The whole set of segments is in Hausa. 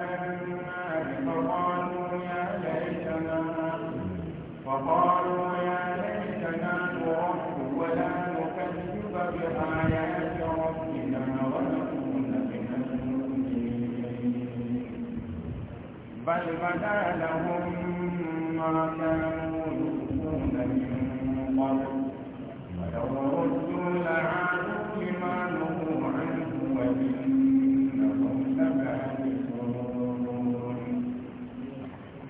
النار فقالوا يا ليتنا فقالوا يا ليتنا نرد ولا نكذب بآيات ربنا ونكون من المؤمنين بل بدا لهم ما كانوا يخفون من قبل ولو ردوا لعادوا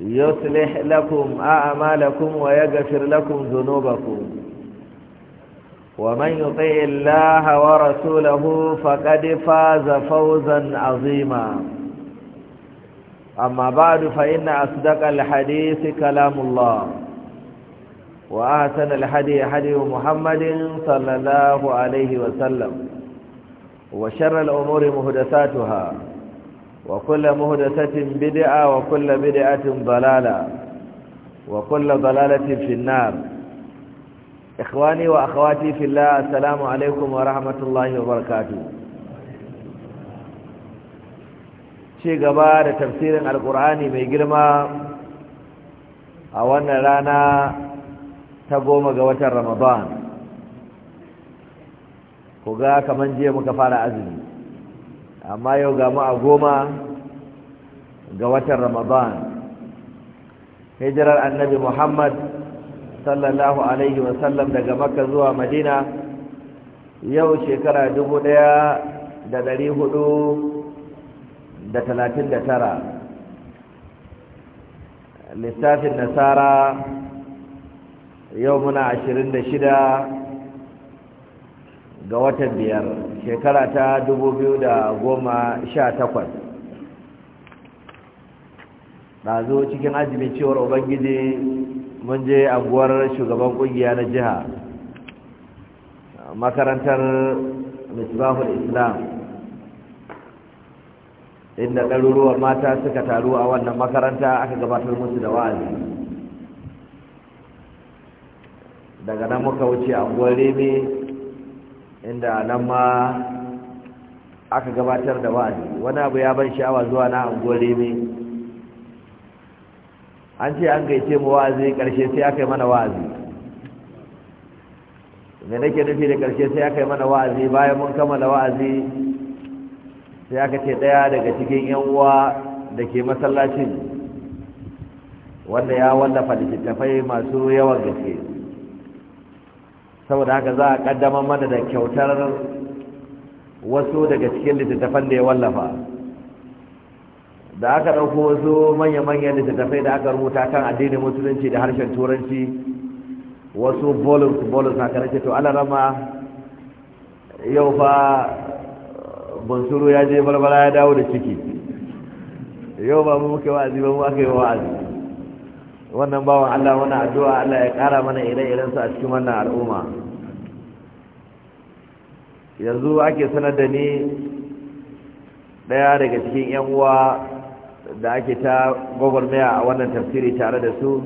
يصلح لكم أعمالكم ويغفر لكم ذنوبكم ومن يطيع الله ورسوله فقد فاز فوزا عظيما أما بعد فإن أصدق الحديث كلام الله وأحسن الحديث حديث محمد صلى الله عليه وسلم وشر الأمور مهدساتها wa kullu muhdathatin bid'a wa kullu bid'atin dalala wa kullu dalalatin wa akhawati fillah assalamu alaykum wa rahmatullahi wa barakatuh ci gaba da tafsirin alqur'ani mai girma a wannan rana ta goma ga watan ramadan ku ga kaman jiya muka fara azumi amma yau ga mu a goma ga watan ramadan hijirar annabi muhammad sallallahu alaihi wasallam daga makka zuwa madina yau shekara dubu ɗaya da dari hudu da talatin da tara lissafin nasara yau muna ashirin da shida ga watan biyar shekara ta da goma sha takwas. zo cikin ajimin cewar ubangiji mun je anguwar shugaban ƙungiya na jiha makarantar misbahul islam inda ɗaruruwan mata suka taru a wannan makaranta aka gabatar musu da wa'azi daga nan muka wuce anguwar remi inda nan ma aka gabatar da wa'azi wani abu ya ban sha'awa zuwa na angole ne an ce an gaice mu wa'azi karshe sai aka yi mana wa'azi me nake nufi da karshe sai aka yi mana wa'azi bayan mun kammala wa'azi sai aka ce daya daga cikin yan uwa da ke masallacin wanda ya wallafa littattafai masu yawan gaske saboda haka za a kaddamar mana da kyautar wasu daga cikin littattafan da ya wallafa da aka ɗauko wasu manya-manyan littattafai da aka rubuta kan addinin musulunci da harshen turanci wasu bolus-bolus haka nake to alarama yau fa uh, bunsuru ya je balbala ya dawo da ciki yau ba mu muke wa'azi ba mu aka yi wa'azi wannan bawan Allah wani addu'a Allah ya ƙara mana ire su a cikin wannan al'umma yanzu ake sanar da ni ɗaya daga cikin 'yan uwa da ake ta gwagwarmaya a wannan tafsiri tare da su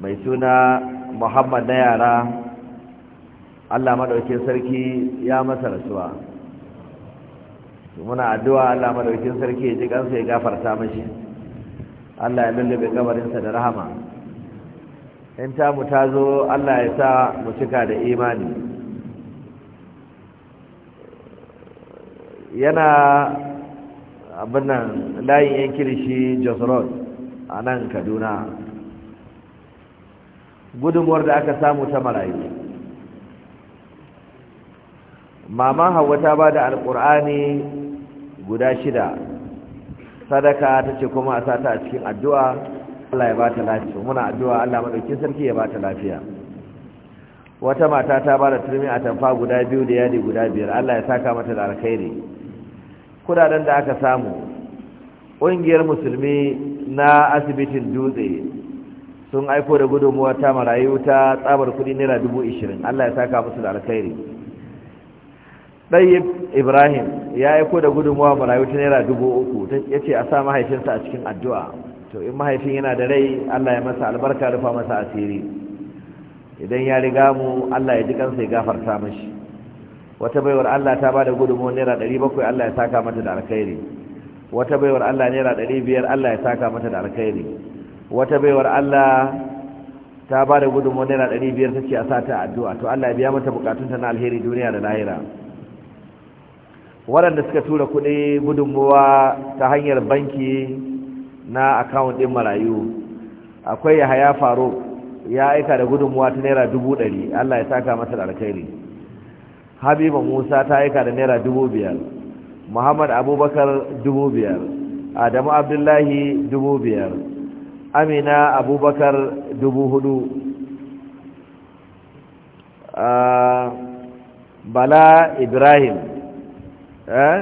mai suna muhammad na yara Allah maɗaukin sarki ya masa rasuwa muna addu'a Allah maɗaukin sarki ya ji ƙansa ya gafarta mashi Allah ya lullube kabarinsa da rahama in tamu ta zo Allah ya sa mu cika da imani yana abin nan layin yan kirishi josrod a nan kaduna gudunmuwar da aka samu ta marayu mama hawa ta ba da alkur'ani guda shida sadaka ta ce kuma a sata a cikin addu'a Allah ya ta lafiya muna addu'a Allah maɗauki sarki ya bata lafiya wata mata ta bada turmi a tamfa guda biyu da yadi guda biyar Allah ya saka mata da alkhairi kudaden da aka samu ƙungiyar musulmi na asibitin dutse sun aiko da gudunmuwa ta marayu ta tsabar kuɗi naira dubu ishirin Allah ya saka musu da alkhairi ɗayyib ibrahim ya aiko da gudunmawa marayu ta naira dubu uku ya ce a sa mahaifinsa a cikin addu'a to in mahaifin yana da rai allah ya masa albarka rufa masa asiri idan ya riga mu allah ya ji kansa ya gafarta mashi wata baiwar allah ta ba da gudunmawa naira ɗari bakwai allah ya saka mata da alkhairi wata baiwar allah naira ɗari biyar allah ya saka mata da alkhairi wata baiwar allah ta ba da gudunmawa naira ɗari biyar ta ce a sa ta addu'a to allah ya biya mata bukatunta na alheri duniya da lahira waɗanda suka tura kuɗi gudunmuwa ta hanyar banki na akawun ɗin marayu akwai ya haya faru ya aika da gudunmuwa ta naira dubu ɗari allah ya saka masa da alkhairi habiba musa ta aika da naira dubu biyar muhammad abubakar dubu biyar adamu abdullahi dubu biyar amina abubakar dubu hudu ah, bala ibrahim Eh?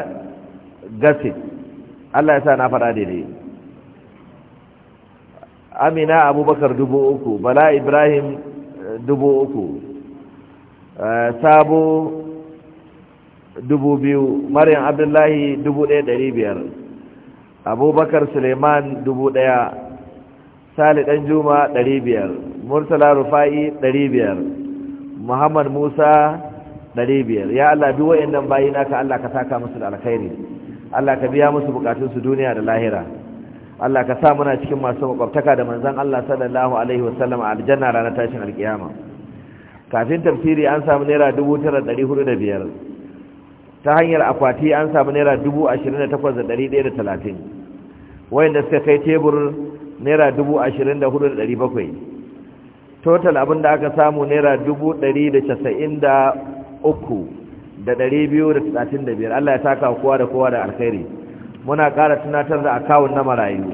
gasi Allah ya sa na faɗa daidai amina abubakar dubu uku bala ibrahim eh, dubu uku eh, sabo dubu biyu maryam abdullahi dubu ɗaya ɗari biyar abubakar suleiman dubu ɗaya sali ɗan juma ɗari biyar murtala rufa'i ɗari biyar muhammad musa ɗari biyar ya Allah duk wayannan bayi ka Allah ka saka musu da alkhairi Allah ka biya musu bukatunsu duniya da lahira Allah ka sa muna cikin masu makwabtaka da manzon Allah sallallahu alaihi wasallam a aljanna ranar tashin alkiyama kafin tafsiri an samu naira dubu tara hudu da biyar ta hanyar akwati an samu naira dubu ashirin da takwas da da talatin wayanda suka kai tebur naira dubu ashirin da hudu da bakwai total abin da aka samu naira dubu da casa'in da uku da ɗari biyu da tsatin da biyar Allah ya saka kowa da kowa da alkhairi muna ƙara tunatar da akawun na marayu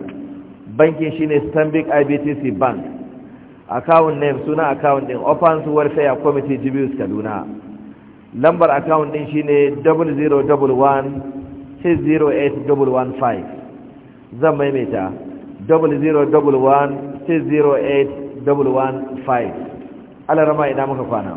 bankin shine stanbic ibtc bank akawun name suna akawun ɗin Offers welfare committee jibius kaduna lambar akawun ɗin shine 0011-608-115 zan maimaita 0011-608-115 alarama ina muka kwana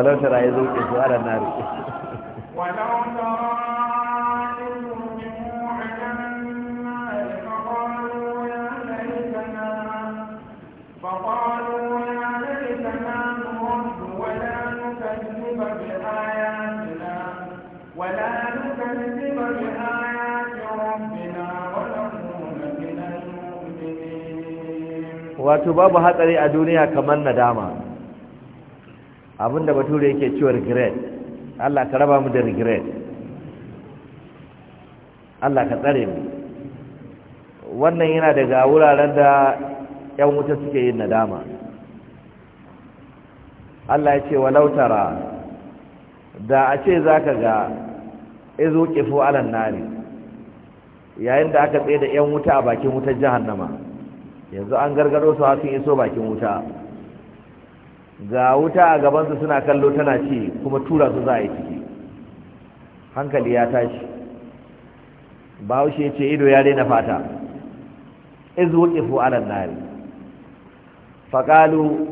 ولو ترى يذوق سؤال النار ولو ترى wato babu hatsari a duniya kamar nadama abinda bature yake cewa regret Allah ka raba mu da regret Allah ka tsare mu wannan yana daga wuraren da yan wuta suke yin nadama Allah ya ce wa lautara. da a ce za ka ga izu qifu alan nari yayin da aka tsaye da yan wuta a bakin wutar jahannama yanzu an gargado su har sun iso bakin wuta ga wuta a gabansu suna kallo tana ci kuma tura su za a yi ciki hankali ya tashi bahaushe ce ido ya daina fata izu wukifu ala nari faqalu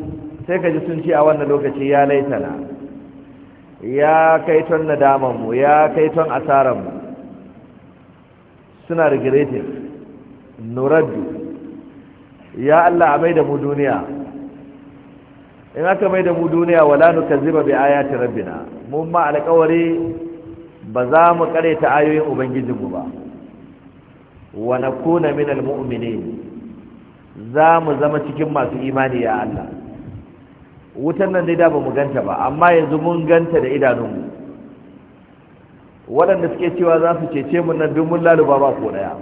sai kaji sun ce a wannan lokaci ya laitana ya kai ton mu ya kai ton asararmu. suna rigiretin. nuraddu ya Allah a mai da mu duniya in aka mai da mu duniya wala nukazziba bi ayati rabbina mun ma alƙawari ba za mu ta ayoyin ubangijinmu ba wa nakuna min almu'minin za mu zama cikin masu imani ya Allah wutan nan dai da ba mu ganta ba amma yanzu mun ganta da idanun mu waɗanda suke cewa za su cece mu nan duk mun laluba ba ko daya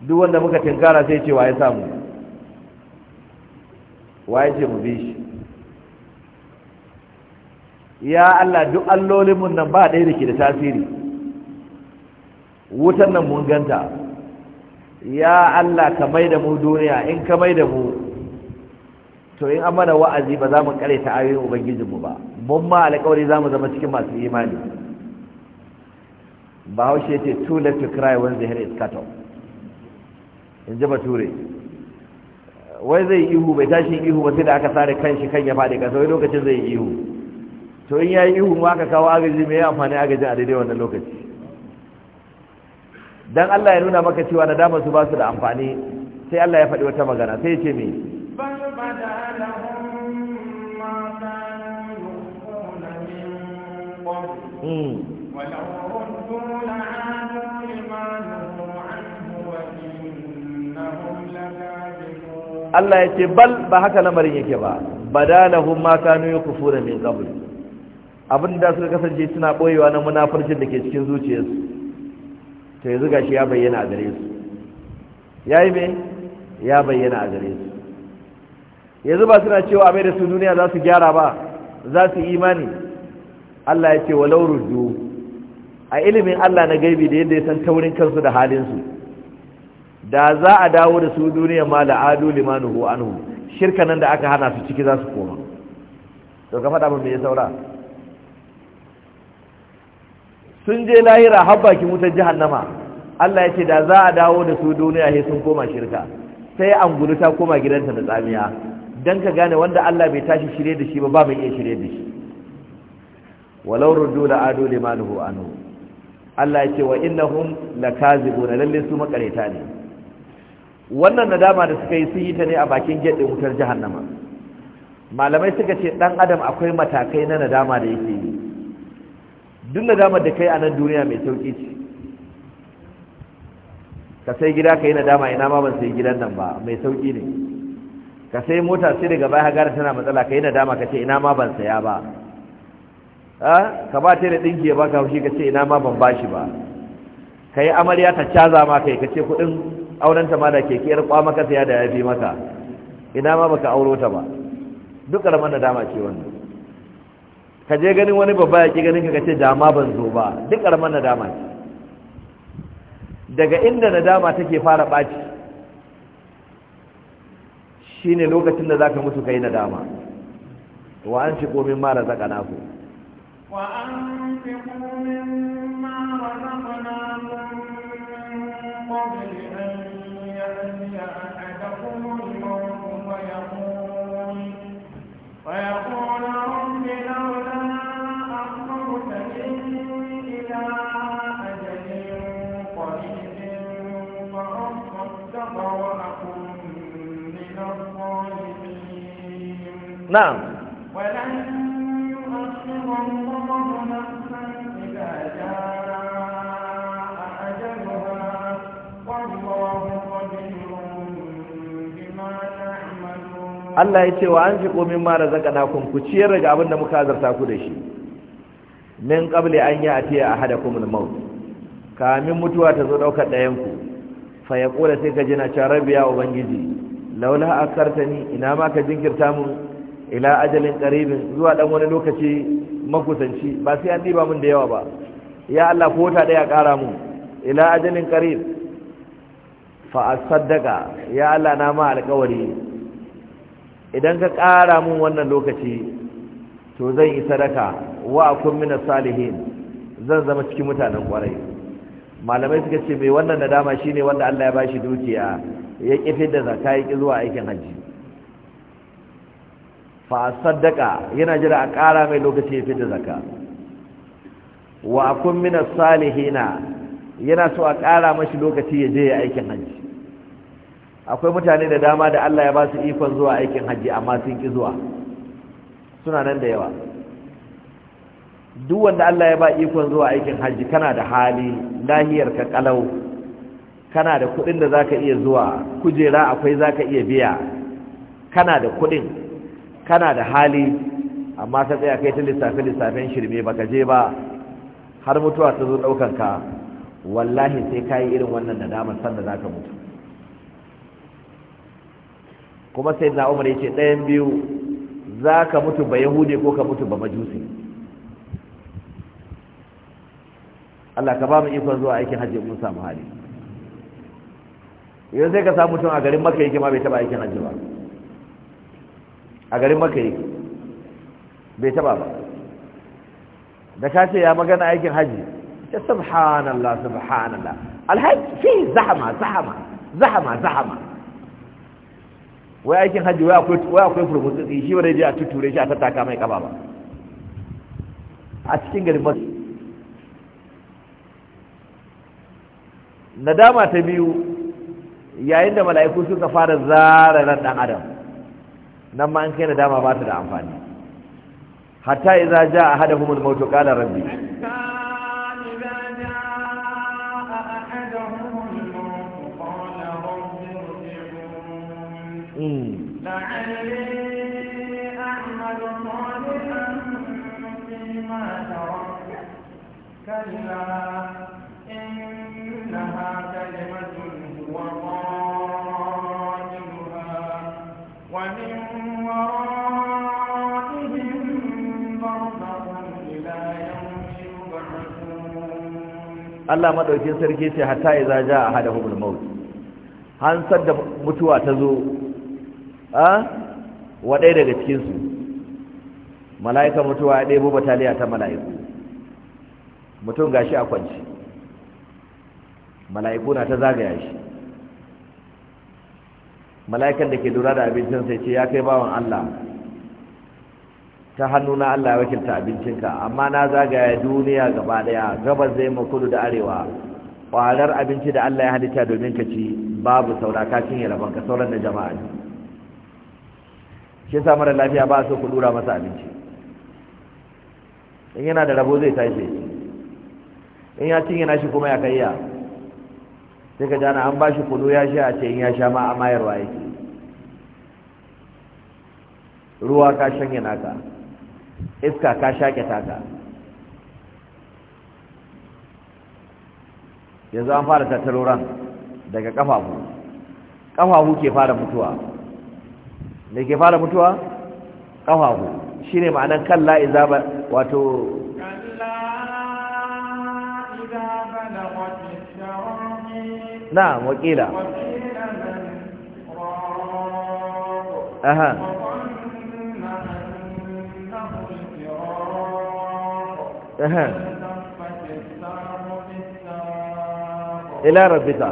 duk wanda muka tinkara sai cewa ya samu waye ce mu bi shi ya Allah duk allolinmu nan ba ɗaya da ke da tasiri wutan nan mun ganta ya Allah ka mai da mu duniya in ka mai da mu to in an mana wa'azi ba za mu kare ta ayoyin ubangijinmu ba mun ma alƙawari za mu zama cikin masu imani ba haushe ce too late to cry when the hair is cut off in ji bature wai zai ihu bai tashi ihu ba sai da aka sare kan shi kan ya faɗi ƙasa wai lokacin zai ihu to in ya yi ihu ma aka kawo agaji mai amfani agajin a daidai wannan lokaci dan Allah ya nuna maka cewa nadama su ba su da amfani sai Allah ya faɗi wata magana sai ya ce me Mm. Allah ya ce bal ba haka lamarin yake ba badalahum ma kanu yakfuruna min qabl abinda suka kasance suna boyewa na munafircin da ke cikin zuciyarsu to yanzu gashi ya bayyana a gare su yayi me ya bayyana a gare su yanzu ba suna cewa a mai da su duniya za su gyara ba za su imani Allah ya ce walau rudu a ilimin Allah na gaibi da yadda ya san taurin kansu da halin su da za a dawo da su duniya ma la'adu hu anhu shirka nan da aka hana su ciki za su koma to ka faɗa me ya saura sun je lahira habba ki mutar jahannama Allah ya ce da za a dawo da su duniya he sun koma shirka sai angulu ta koma gidanta da tsamiya dan ka gane wanda Allah bai tashi shirye da shi ba ba mai iya shirye da shi walau ruddu la'adu limanuhu anhu Allah ya ce wa innahum lakazibuna lalle su makareta ne wannan nadama da suka yi sun yi ta ne a bakin gate wutar jihannama malamai suka ce dan adam akwai matakai na nadama da yake yi duk nadamar da kai a nan duniya mai sauki ce ka sai gida ka yi nadama ina ma ban sai gidan nan ba mai sauki ne ka sai mota sai daga baya gara tana matsala ka yi nadama ka ce ina ma ban saya ba ka ba ta yi da ɗinki ya baka haushi ka ce ina ma ban bashi ba ka yi amarya ta caza ma kai ka ce kuɗin auren ma da keke yar kwa maka saya da yafi maka ina ma baka auro ta ba duk karaman da dama ce wannan ka je ganin wani babba ya ki ganin ka ce dama ban zo ba duk karaman da dama ce daga inda nadama take fara baci shine lokacin da zaka mutu kai nadama wa an shi komin mara zaka na wa an zaka naku na'am Allah ya ce wa an fi komin mara zaka nakun ku ciyar daga abin da muka zarta ku da shi min qabli an ya atiya ahadakumul maut kamin mutuwa ta zo daukar ɗayan ku fa ya kula sai ka jina cha ubangiji laula akartani ina ma ka jinkirta mu? ila ajalin qaribin zuwa dan wani lokaci makusanci ba sai an diba mun da yawa ba ya Allah ko ta daya kara mu ila ajalin qarib fa asaddaka ya Allah na ma alƙawari idan ka kara mun wannan lokaci to zan yi sadaka wa akun min salihin zan zama cikin mutanen kwarai malamai suka ce mai wannan nadama shine wanda Allah ya bashi dukiya ya kifin da zakai ya ki zuwa aikin hajji fa saddaka yana jira a ƙara mai lokaci ya fita zaka wa kun min salihina yana so a ƙara mashi lokaci ya je ya aikin hajji akwai mutane da dama da Allah ya ba su ikon zuwa aikin hajji amma sun ki zuwa suna nan da yawa duk wanda Allah ya ba ikon zuwa aikin hajji kana da hali lahiyar ka kalau kana da kudin da zaka iya zuwa kujera akwai zaka iya biya kana da kudin kana da hali amma ta tsaya kai ta lissafi lissafin shirme baka je ba har mutuwa ta zo ɗaukanka ka wallahi sai ka yi irin wannan nadamar sanda za ka mutu kuma sai na umar ya ce ɗayan biyu za ka mutu ba Yahudi ko ka mutu ba majusi Allah ka ba mu ikon zuwa aikin hajji mun samu hali yanzu sai ka samu mutum a garin maka yake ma bai taba aikin hajji ba a garin maka yake bai taba ba da ka ce ya magana aikin haji ta subhanallah subhanallah alhaji fi zahama zahama zahama zahama wai aikin haji wai akwai furmutsutsi shi wadai je a tuture shi a tattaka mai kaba ba a cikin garin maka nadama ta biyu yayin da mala'iku suka fara zara ran dan adam nan ma an kai nadama ba ta da amfani hatta idza jaa ahaduhumul mautu qala rabbi Mm. Allah madaukin sarki ce hatta a jaa ahaduhumul maut san da mutuwa ta zo a wa daga cikin su mala'ika mutuwa ya ɗebo bataliya ta mala'iku mutum gashi a kwanci mala'iku na ta zagaya shi mala'ikan da ke lura da abincin sai ce ya kai bawan Allah ta hannuna Allah ya wakilta abincinka amma na zagaya duniya gaba daya gabas zai makudu da arewa kwarar abinci da Allah ya halitta domin ka ci babu saura ka cinye rabon ka sauran da jama'a ne shi yasa mara lafiya ba so ku dura masa abinci in yana da rabo zai tashi in ya cinye nashi kuma ya kaiya sai ka jana an bashi kunu ya sha a ce in ya sha ma a mayarwa yake ruwa ka shanye naka iska ka shaƙe taka yanzu an fara tattaro ran daga kafafu kafafu ke fara mutuwa da ke fara mutuwa kafafu shi ne ma'anar kalla iza ba wato na wakila aha ila rabbika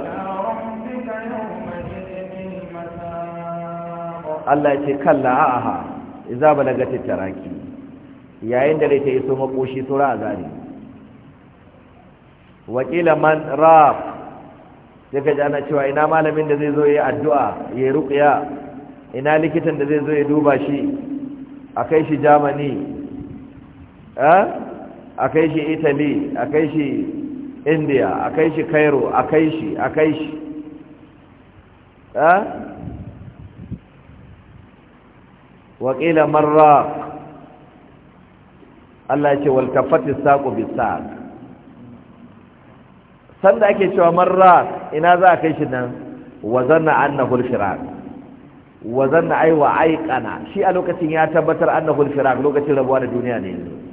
Allah ya ce kalla aha idza balagatit taraki yayin da rai ta iso makoshi a azari wakila man raf sai ka cewa ina malamin da zai zo ya addu'a ya ruqya ina likitan da zai zo ya duba shi a kai shi jamani eh a kai shi italy a kai shi india a kai shi cairo a kai shi a kai shi waƙila marra Allah ce walkafati saƙo bisaƙ sanda ake cewa marra ina za a kai shi nan wazanna annahul firaq wazanna aiwa aikana shi a lokacin ya tabbatar anna firaq lokacin rabuwa da duniya ne yanzu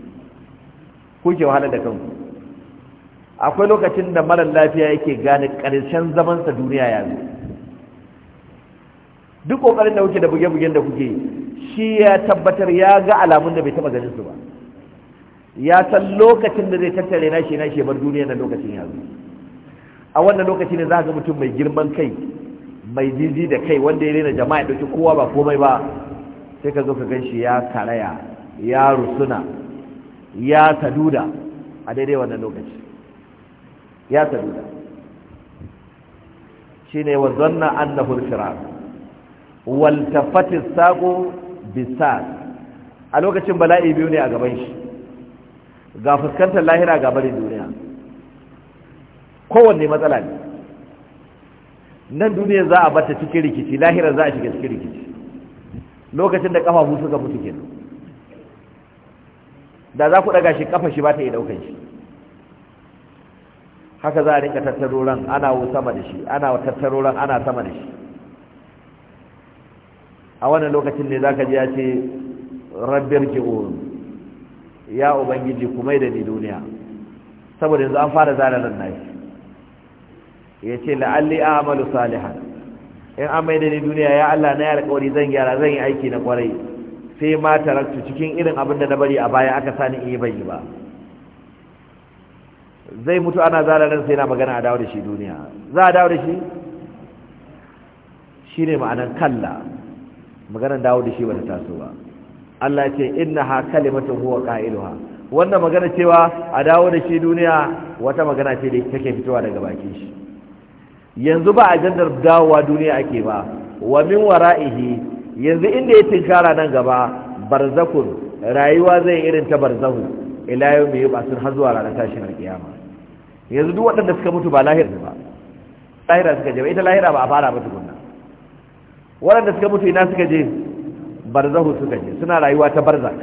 kuke wahala da kanku akwai lokacin da marar lafiya yake gane ƙarshen zamansa duniya ya zo duk ƙoƙarin da kuke da buge-bugen da kuke shi ya tabbatar ya ga alamun da bai taɓa ganin su ba ya san lokacin da zai tattare na shi na shi bar duniya na lokacin ya zo a wannan lokaci ne za ga mutum mai girman kai mai jiji da kai wanda ya rena jama'a ya ɗauki kowa ba komai ba sai ka zo ka gan shi ya karaya ya rusuna ya saduda a daidai wannan lokaci ya saduda ne wa zanna an na firaq wal tafati saqu a lokacin bala'i biyu ne a gaban shi ga fuskantar lahira ga barin duniya kowanne matsala ne nan duniya za a bata cikin rikici lahira za a shiga cikin rikici lokacin da kafafu suka mutu kenan da za ku daga shi kafa shi ba ta iya daukan shi haka za a rinka tattaro ran ana sama da shi ana tattaro ran ana sama da shi a wannan lokacin ne zaka ji ya ce rabbir ji'un ya ubangiji kuma da ni duniya saboda yanzu an fara zara nan nashi ya ce la'alli a'malu salihan in an mai da ni duniya ya Allah na yi alƙawari zan gyara zan yi aiki na ƙwarai sai ma taraktu cikin irin abin da na bari a baya aka sani iya bai ba zai mutu ana zara ran sai na magana a dawo da shi duniya za a dawo da shi shi ne ma'anar kalla maganar dawo da shi ba ta taso ba Allah ce inna ha kalimatun huwa qailuha wannan magana cewa a dawo da shi duniya wata magana ce da take fitowa daga bakin shi yanzu ba a ajandar dawowa duniya ake ba wa min wara'ihi yanzu inda ya tinkara nan gaba barzakun rayuwa zai irin ta barzahu ila yau mai ba sun hazuwa ranar tashin alkiyama yanzu duk waɗanda suka mutu ba lahir ba lahira suka je ba ita lahira ba a fara ba kunna waɗanda suka mutu ina suka je barzahu suka je suna rayuwa ta barzak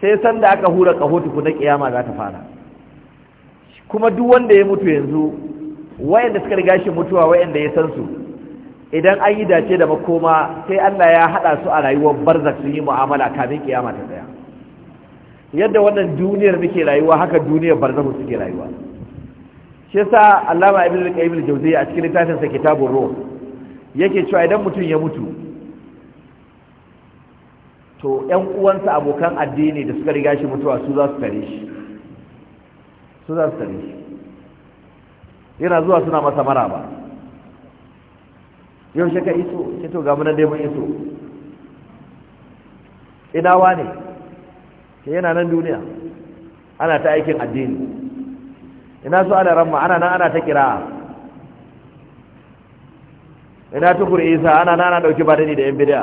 sai sanda aka hura ƙaho na kiyama za ta fara kuma duk wanda ya mutu yanzu wayanda suka riga shi mutuwa wayanda ya san su idan an yi dace da makoma sai Allah ya haɗa su a rayuwar barzak sun yi mu'amala kamin kiyama ta tsaya yadda wannan duniyar muke rayuwa haka duniyar barzahu suke rayuwa shi yasa Allama Ibn al-Qayyim al-Jawziyya a cikin littafin sa Kitabur Ruh yake cewa idan mutum ya mutu to ƴan uwansa abokan addini da suka riga shi mutuwa su za su tare shi su za su tare shi yana zuwa suna masa maraba yaushe ka iso kito to ga munan dai mun iso ina wane ke yana nan duniya ana ta aikin addini ina su ana ramma ana nan ana ta kira ina tukur isa ana nan ana dauki badani da yan bidiya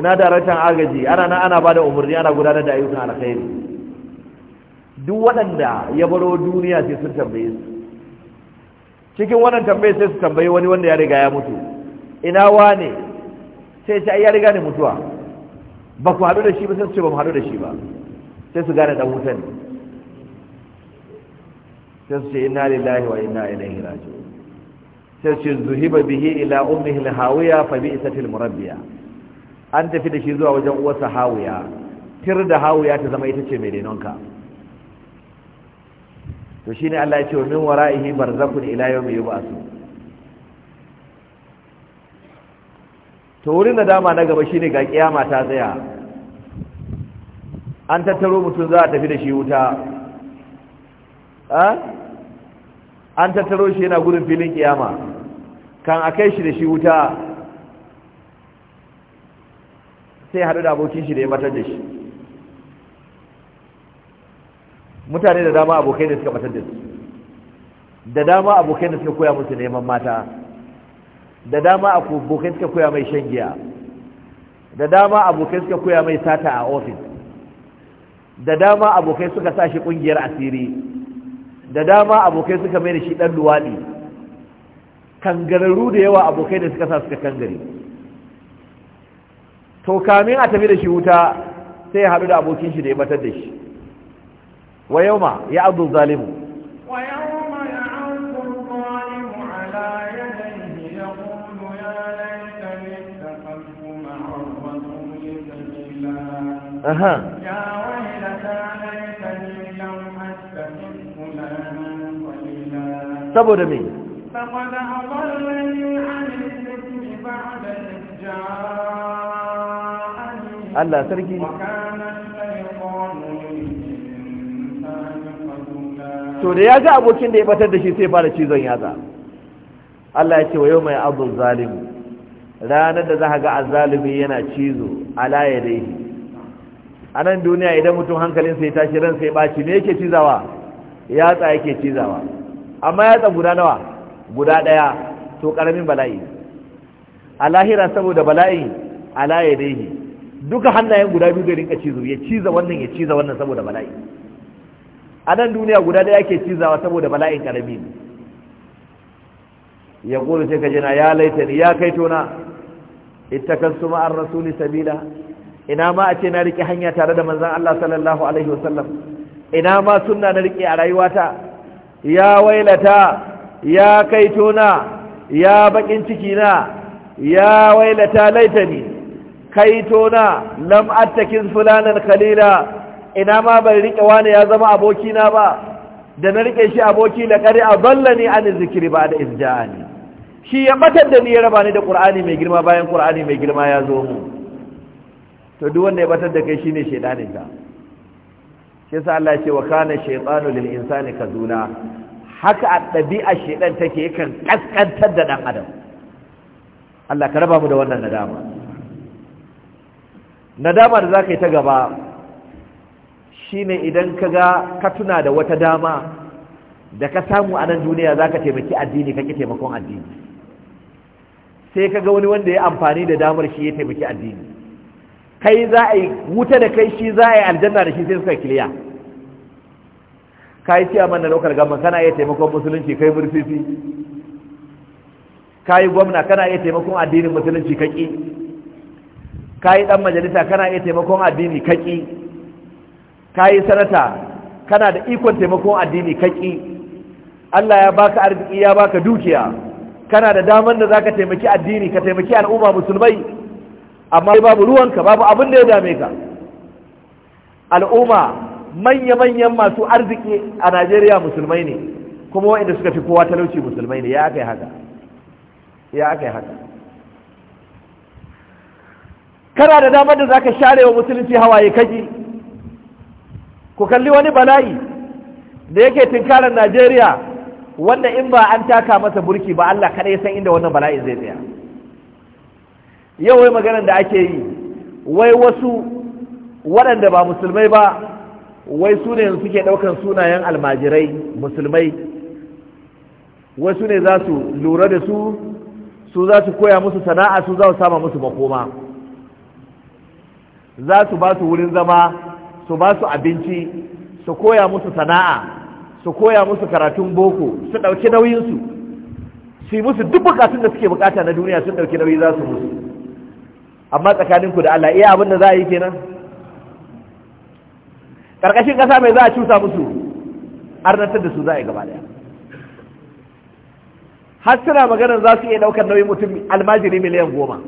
ina darajar agaji ana nan ana bada umarni ana gudanar da ayyukan alkhairi duk waɗanda ya baro duniya sai sun tambaye su cikin wannan tambayar sai su tambayi wani wanda ya riga ya mutu ina wane sai sai ya riga ne mutuwa ba ku haɗu da shi ba sai su ce ba mu haɗu da shi ba sai su gane dan wutan sai su ce inna lillahi wa inna ilaihi raji'un sai su ce zuhiba bihi ila ummihi al-hawiya fa bi'satil murabbiya an tafi da shi zuwa wajen uwarsa hawiya tir da hawiya ta zama ita ce mai renonka to shine Allah ya ce min wara'ihi barzakhun ila yawmi yub'asu to wurin da dama na gaba shine ga kiyama ta tsaya an tattaro mutum za a tafi da shi wuta ah? an tattaro shi yana gurin filin kiyama kan a kai shi da shi wuta sai haɗu da abokin shi da ya batar da shi mutane da dama abokai ne suka batar da su da dama abokai ne suka koya musu neman mata da dama abokai suka koya mai shan giya da dama abokai suka koya mai sata a ofis da dama abokai suka sa shi kungiyar asiri da dama abokai suka mai da shi dan luwadi kangararru da yawa abokai ne suka sa suka kangare to kamin a tafi da shi wuta sai ya haɗu da abokin shi da ya batar da shi ويوم يعض الظالم ويوم يعض الظالم على يديه يقول يا ليتني اتخذت مع الرسول سبيلا يا ويلتى ليتني لم اتخذ فلانا قليلا سبب مين فقد اضلني عن الذكر بعد اذ جاءني الله سرقي وكان to da ya ga abokin da ya batar da shi sai fara cizon yatsa Allah ya ce wa yau mai abun zalimu ranar da za ka ga azalimi yana cizo ala ya dai a nan duniya idan mutum hankalin sai tashi ran sai ɓaci me yake cizawa yatsa yake cizawa amma yatsa guda nawa guda ɗaya to ƙaramin bala'i a lahira saboda bala'i ala ya dai duka hannayen guda biyu ga rinka cizo ya ciza wannan ya ciza wannan saboda bala'i a nan duniya guda ɗaya yake cizawa saboda bala'in karami ne ya kulu sai ka jina ya laita ni ya kai tona ita kan su ma'ar rasuli sabila ina ma a ce na riƙe hanya tare da manzan Allah sallallahu alaihi wasallam ina ma sunna na rike a rayuwata ya wailata ya kai tona ya bakin ciki na ya wailata laitani kai tona lam attakin fulanan khalila ina ma bai rike wani ya zama abokina ba da na rike shi aboki da kare a zallani an zikiri ba da izja'ani shi ya batar da ni ya raba ni da qur'ani mai girma bayan qur'ani mai girma ya zo mu to duk wanda ya batar da kai shine shedanin ka shi yasa Allah ya ce wa kana shaytanu lil insani kaduna haka a dabi'a shedan take yakan kaskantar da dan adam Allah ka raba mu da wannan nadama nadama da zakai yi ta gaba Shi ne idan ka ga ka tuna da wata dama da ka samu a nan duniya za ka taimaki addini ka ƙi taimakon addini sai ka ga wani wanda ya amfani da damar shi ya taimaki addini kai za a yi wuta da kai shi za a yi aljanna da shi sai suka kiliya ka yi man mana lokar gama kana iya taimakon musulunci kai murfifi ka yi gwamna kana iya taimakon addinin musulunci kaki ka yi ɗan majalisa kana iya taimakon addini kaki ka yi sanata kana da ikon taimakon addini kaki Allah ya baka arziki ya baka dukiya kana da daman da zaka taimaki addini ka taimaki al'umma musulmai amma babu ruwanka babu abin da ya dame ka al'umma manya-manyan masu arziki a Najeriya musulmai ne kuma waɗanda suka fi kowa talauci musulmai ne ya aka yi haka ya aka yi haka kana da damar da zaka share wa musulunci hawaye kaji ku kalli wani bala'i da yake tinkarar Najeriya wanda in ba an taka masa burki ba Allah kada ya san inda wannan bala'i zai tsaya yau wai maganar da ake yi wai wasu waɗanda ba musulmai ba wai su ne suke ɗaukan sunayen almajirai musulmai wai su ne za su lura da su su za su koya musu sana'a su za su sama musu makoma za su ba su wurin zama su ba su abinci su koya musu sana'a su koya musu karatun boko su ɗauki nauyinsu su yi musu duk bukatun da suke bukata na duniya sun ɗauki nauyi za su musu amma tsakaninku da Allah iya abin da za a yi kenan ƙarƙashin ƙasa mai za a cusa musu arnatar da su za a yi gaba daya har suna maganar za su iya ɗaukar nauyin mutum almajiri miliyan goma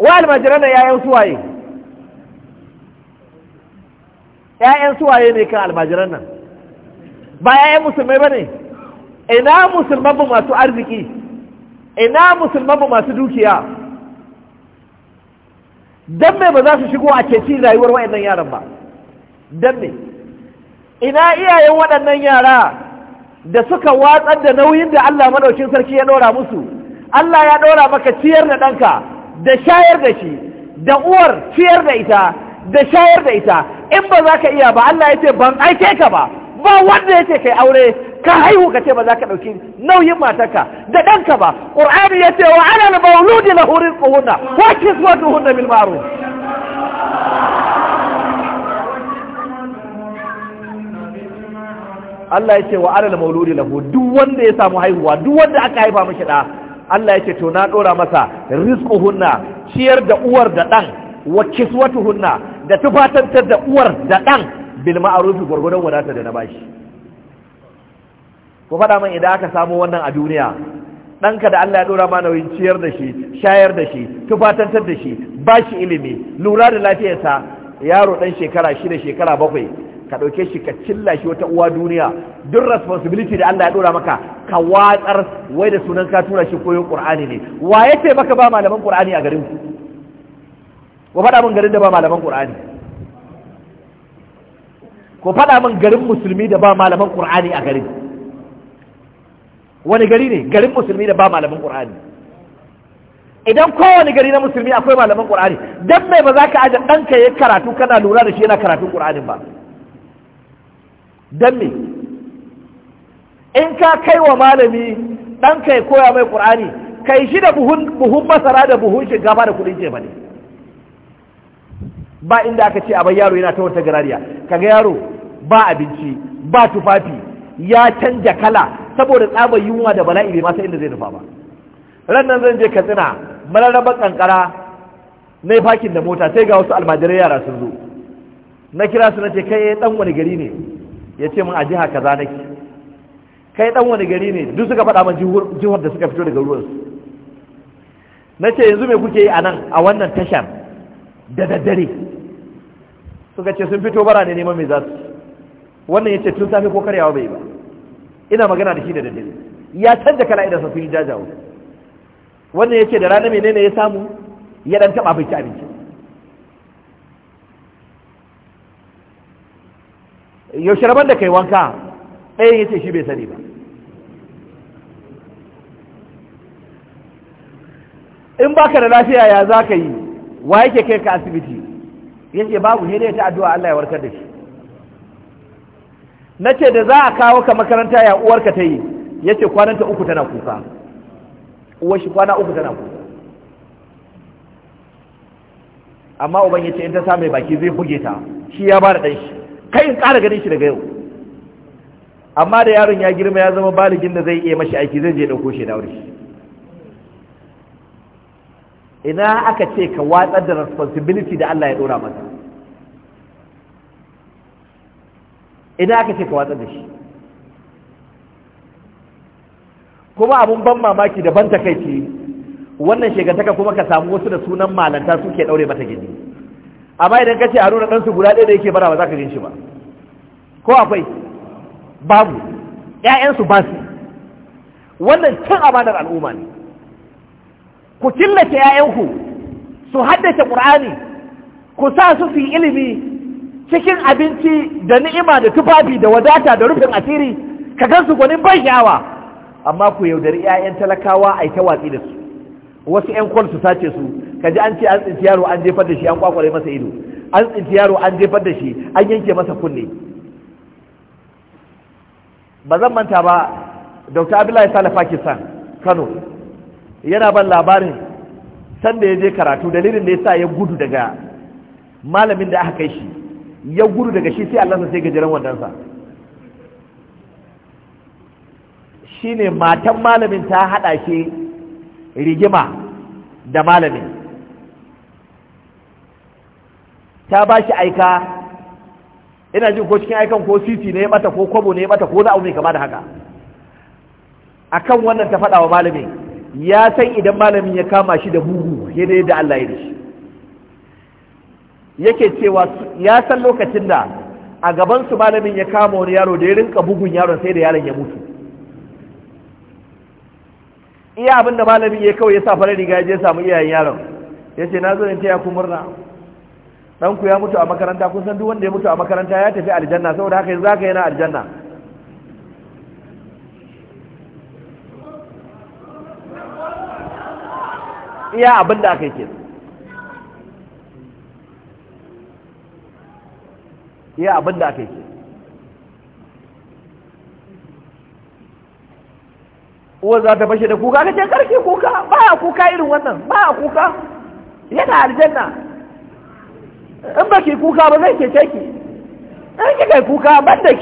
wa almajiran nan yayan suwaye yayan suwaye ne kan almajiran nan ba yayan musulmai ba ne ina musulman ba masu arziki ina musulman ba masu dukiya dan me ba za su shigo a ceci rayuwar waɗannan yaran ba dan me ina iyayen waɗannan yara da suka watsar da nauyin da Allah madaukin sarki ya ɗora musu Allah ya ɗora maka ciyar da ɗanka da shayar da shi da uwar ciyar da ita da shayar da ita in ba za ka iya ba Allah ya ce ban aike ka ba ba wanda ya ce kai aure ka haihu ka ce ba za ka ɗauki nauyin matarka da ɗanka ba ƙur'ani ya ce wa ana mauludi la hurin ƙuhunna wa kiswatuhunna bil ma'ruf Allah ya ce wa alal mauludi lahu duk wanda ya samu haihuwa duk wanda aka haifa mashi da Allah ya ce to na ɗora masa rizquhunna ciyar da uwar da ɗan wa kiswatuhunna da tufatantar da uwar da ɗan bil ma'ruf gwargwadon wadata da na bashi ku faɗa min idan aka samu wannan a duniya ɗanka da Allah ya dora ma nauyin ciyar da shi shayar da shi tufatantar da shi bashi ilimi lura da lafiyarsa yaro ɗan shekara shida shekara bakwai ka ɗauke shi ka cilla shi wata uwa duniya duk responsibility da Allah ya ɗora maka ka watsar wai da sunan ka tura shi koyon ƙur'ani ne wa ya ce maka ba malaman ƙur'ani a garin ku Ko faɗa min garin da ba malaman ƙur'ani Ko faɗa min garin musulmi da ba malaman ƙur'ani a garin wani gari ne garin musulmi da ba malaman ƙur'ani idan kowane gari na musulmi akwai malaman ƙur'ani dan mai ba za ka aje ɗanka ya karatu kana lura da shi yana karatun ƙur'anin ba don me in ka kai wa malami ɗan kai koya mai ƙur'ani kai shi da buhun masara da buhun shigaba da kuɗin jefa ba inda aka ce abin yaro yana ta wata garariya kaga yaro ba abinci ba tufafi ya canja kala saboda tsabar yunwa da bala'i bai masa inda zai nufa ba Rannan zan je katsina mararrabar kankara na yi fakin da mota sai ga wasu almajirai yara sun zo na kira su na ce kai ɗan wani gari ne ya ce min a jiha kaza nake kai dan wani gari ne duk suka faɗa min jihar da suka fito daga ruwansu na ce yanzu mai kuke yi a nan a wannan tashar da daddare suka ce sun fito bara ne neman mai za su wannan ya ce tun safe ko karyawa bai ba ina magana da shi da daddare ya canza kala idan sun yi jajawo wannan ya ce da rana menene ya samu ya dan taba bai abinci yaushe rabar da kai wanka ɗayan ya ce shi bai sani ba in baka da lafiya ya za ka yi wa yake kai ka asibiti yake babu ne ta addu'a Allah ya warkar da shi na ce da za a kawo ka makaranta ya uwarka ta yi ya ce kwananta uku tana kuka uwar shi kwana uku tana kuka amma uban ya ce in ta same baki zai buge ta shi ya ba da shi kai in ƙara ganin shi daga yau amma da yaron ya girma ya zama baligin da zai iya mashi aiki zai je dauko shi na wuri ina aka ce ka watsar da responsibility da Allah ya ɗora masa ina aka ce ka watsar da shi kuma abun ban mamaki daban takaici wannan shegantaka kuma ka samu wasu da sunan malanta suke daure mata gidi amma idan ka ce nuna ɗansu guda ɗaya da yake bara ba za ka gan shi ba ko akwai babu ‘ya'yansu ba su wannan cin amanar al'umma ne ku killace ‘ya'yanku su haddace ƙur'ani ku sa su fi ilimi cikin abinci da ni'ima da tufafi da wadata da rufin asiri ka gan su gwanin ban sha'awa amma ku yaudari ‘ya'yan talakawa a ta watsi da su wasu ‘yan kwal su sace su ka ji an ce an tsinci yaro an jefar da shi an kwakware masa ido an tsinci yaro an jefar da shi an yanke masa kunne ba zan manta ba dr abdullahi sale pakistan kano yana ban labarin sanda ya je karatu dalilin da ya sa ya gudu daga malamin da aka kai shi ya gudu daga shi sai allah sai gajeren wandansa shine matan malamin ta hada shi rigima da malamin ta ba shi aika ina jin ko cikin aikan ko siti ne mata ko kwabo ne mata ko za a kama da haka akan wannan ta faɗa wa malamin ya san idan malamin ya kama shi da ya yadda yadda Allah ya shi yake cewa ya san lokacin da a gaban su malamin ya kama wani yaro da ya rinka bugun yaron sai da yaron ya mutu iya abin da malamin ya kawai ya sa farin riga ya je samu iyayen yaron ya ce na zo in taya ku murna dan ku ya mutu a makaranta kun san duk wanda ya mutu a makaranta ya tafi aljanna saboda haka yanzu haka yana aljanna iya abin da aka yi iya abin da aka yi ke uwar za ta fashe da kuka ka ce karki kuka ba a kuka irin wannan ba a kuka yana aljanna in ba ki kuka ba zai ke ki in ki kai kuka ban ke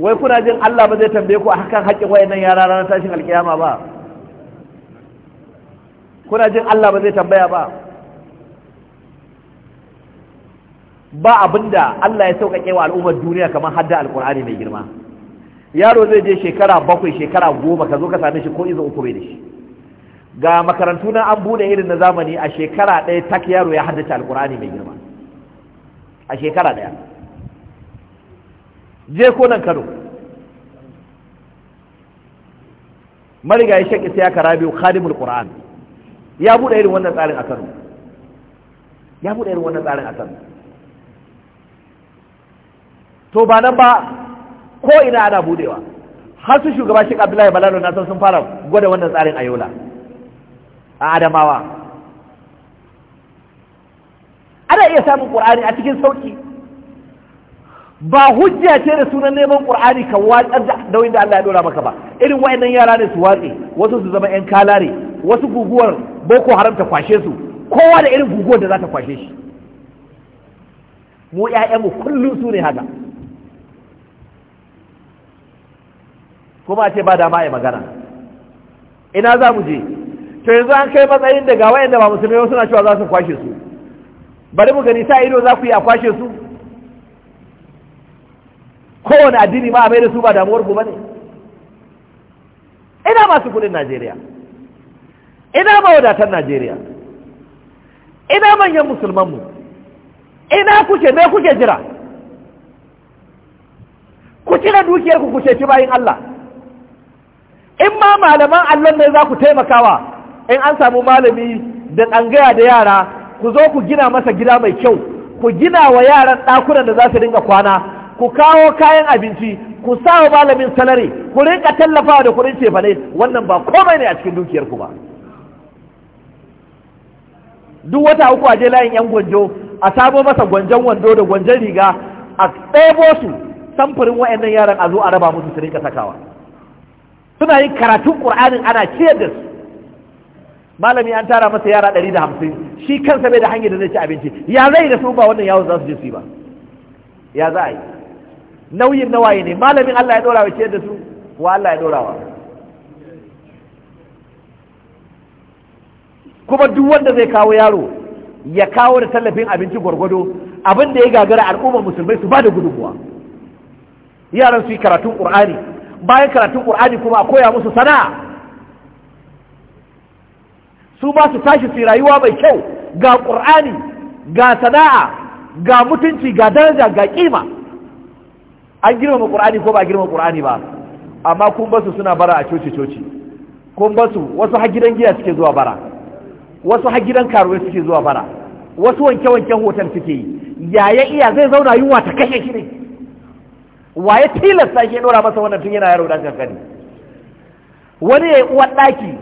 wai kuna jin Allah ba zai tambaye ku a hakan haƙƙin wayannan yara ranar tashin alƙiyama ba kuna jin Allah ba zai tambaya ba ba abinda Allah ya sauƙaƙe wa al'ummar duniya kamar hadda alƙur'ani mai girma yaro zai je shekara bakwai shekara goma ka zo ka same shi ko izo uku bai da shi ga makarantu na an bude irin na zamani a shekara ɗaya tak yaro ya haddace alkur'ani mai girma a shekara ɗaya je ko nan kano marigayi shaƙi sai ya kara biyu khadimul qur'an ya bude irin wannan tsarin a kano ya bude irin wannan tsarin a kano to ba nan ba ko ina ana budewa har su shugaba shi abdullahi balalo na san sun fara gwada wannan tsarin ayola a adamawa ana iya samun ƙur'ani a cikin sauƙi ba hujja ce da sunan neman ƙur'ani ka watsar da nauyin da Allah ya dora maka ba irin wayannan yara ne su watsi, wasu su zama yan kalare wasu guguwar boko haram ta kwashe su kowa da irin guguwar da za ta kwashe shi mu ƴaƴanmu kullum su ne haka kuma ce ba dama ya magana ina za mu je to yanzu an kai matsayin daga wayanda ba musulmai suna cewa za su kwashe su bari mu gani sa ido za ku yi a kwashe su kowane addini ma a mai da su ba damuwar ku bane ina masu kudin Najeriya ina mawadatan Najeriya ina manyan musulmanmu ina kuke me kuke jira ku cire dukiyarku ku ci bayin Allah in ma malaman allon ne za ku taimakawa in an samu malami da tsangaya da yara ku zo ku gina masa gida mai kyau ku gina wa yaran ɗakunan da za su dinga kwana ku kawo kayan abinci ku sa wa malamin salari ku rinka tallafawa da kuɗin cefane wannan ba komai ne a cikin dukiyarku ba duk wata uku a je layin yan gwanjo a samo masa gwanjon wando da gwanjon riga a ɗebo su samfurin wa'annan yaran a zo a raba musu su rinka sakawa suna yin karatun ƙur'anin ana ciyar da su malami an tara masa yara ɗari da hamsin shi kansa bai da hanyar da zai ci abinci ya zai da su ba wannan yawon za su je su yi ba ya za a yi nauyin nawaye ne malamin Allah ya ɗora wa ciyar da su wa Allah ya ɗora wa kuma duk wanda zai kawo yaro ya kawo da tallafin abinci gwargwado abin da ya gagara al'ummar musulmai su ba da gudunmuwa yaran su yi karatun ƙur'ani bayan karatun qur'ani kuma a koya musu sana'a su ba su tashi su rayuwa mai kyau ga qur'ani ga sana'a ga mutunci ga daraja ga kima an girmama qur'ani ko ba girmama qur'ani ba amma kun basu suna bara a coci coci kun basu wasu har gidan giya suke zuwa bara wasu har gidan karuwa suke zuwa bara wasu wanke wanke hotel suke yi yaya iya zai zauna yunwa ta kashe shi ne waye tilasta shi ya dora masa wannan tun yana yaro dan kankani wani ya yi uwar ɗaki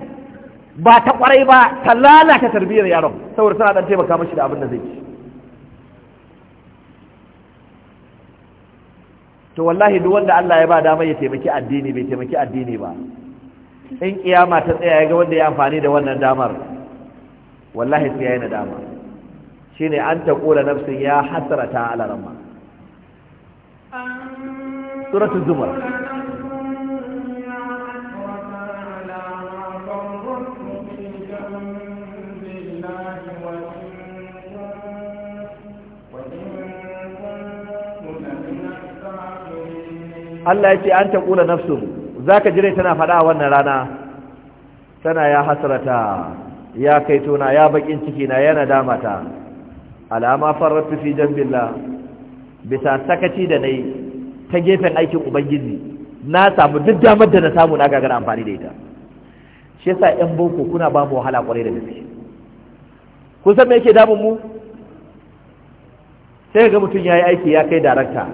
ba ta kwarai ba ta lalata tarbiyyar yaron saboda tana dan taimaka mashi da abin da zai ci to wallahi duk wanda Allah ya ba dama ya taimaki addini bai taimaki addini ba in kiyama ta tsaya ya ga wanda ya amfani da wannan damar wallahi sai ya yi nadama shine an taqula nafsin ya hasrata ala ramma suratul zumar Allah ya ce an ta kula nafsu za ka jire tana faɗa wannan rana tana ya hasrata ya kai tona ya bakin ciki na yana damata alama farratu fi jambillah bisa sakaci da nayi ta gefen aikin ubangiji na samu duk damar da na samu na gagara amfani da ita shi yasa yan boko kuna ba mu wahala kwarai da gaske kun san me yake damun mu sai ga mutum yayi aiki ya kai director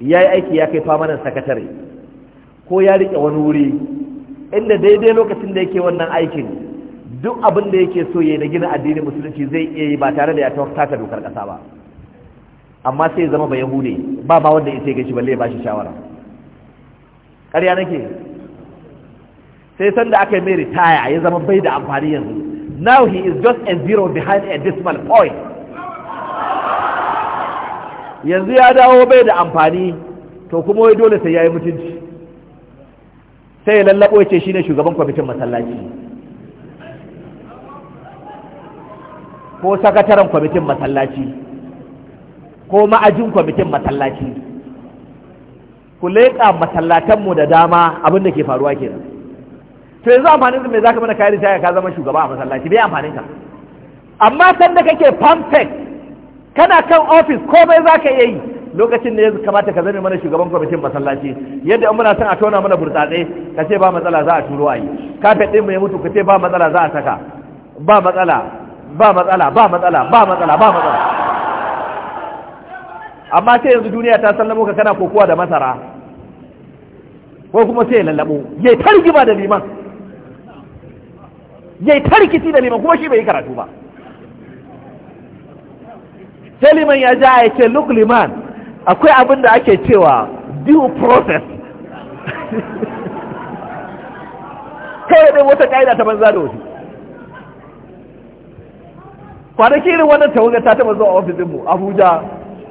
yayi aiki ya kai permanent sakatare ko ya rike wani wuri inda daidai lokacin da yake wannan aikin duk abin da yake so yayi na gina addinin musulunci zai iya yi ba tare da ya taka dokar kasa ba amma sai ya zama ba yahude ba ba wanda ya sai gashi balle ya shi shawara ƙarya nake sai sanda aka yi mai ritaya ya zama bai da amfani yanzu now he is just a zero behind a decimal point yanzu ya dawo bai da amfani to kuma wai dole sai ya yi mutunci sai ya lallabo ya ce shi ne shugaban kwamitin masallaci ko sakataren kwamitin masallaci ko ma'ajin kwamitin masallaci ku leƙa masallatanmu da dama abin da ke faruwa ke nan, to yanzu amfanin su mai zaka mana kayan ritaya ka zama shugaba a masallaci bai amfanin ka amma san da kake pamfek kana kan ofis komai za iya yi lokacin da ya kamata ka zame mana shugaban kwamitin masallaci yadda in muna son a tona mana burtsatse ka ce ba matsala za a turo a yi kafet ɗin mu ya mutu ka ce ba matsala za a saka ba matsala ba matsala ba matsala ba matsala ba matsala amma sai yanzu duniya ta sallamo ka kana kokowa da masara ko kuma sai ya lallabo yayi targima da liman yayi tarkici da liman kuma shi bai yi karatu ba sai liman ya ja ya ce look liman akwai abin da ake cewa due process kai da wata ka'ida ta banza da wasu kwanaki irin wannan tawaga ta taba zuwa ofisinmu abuja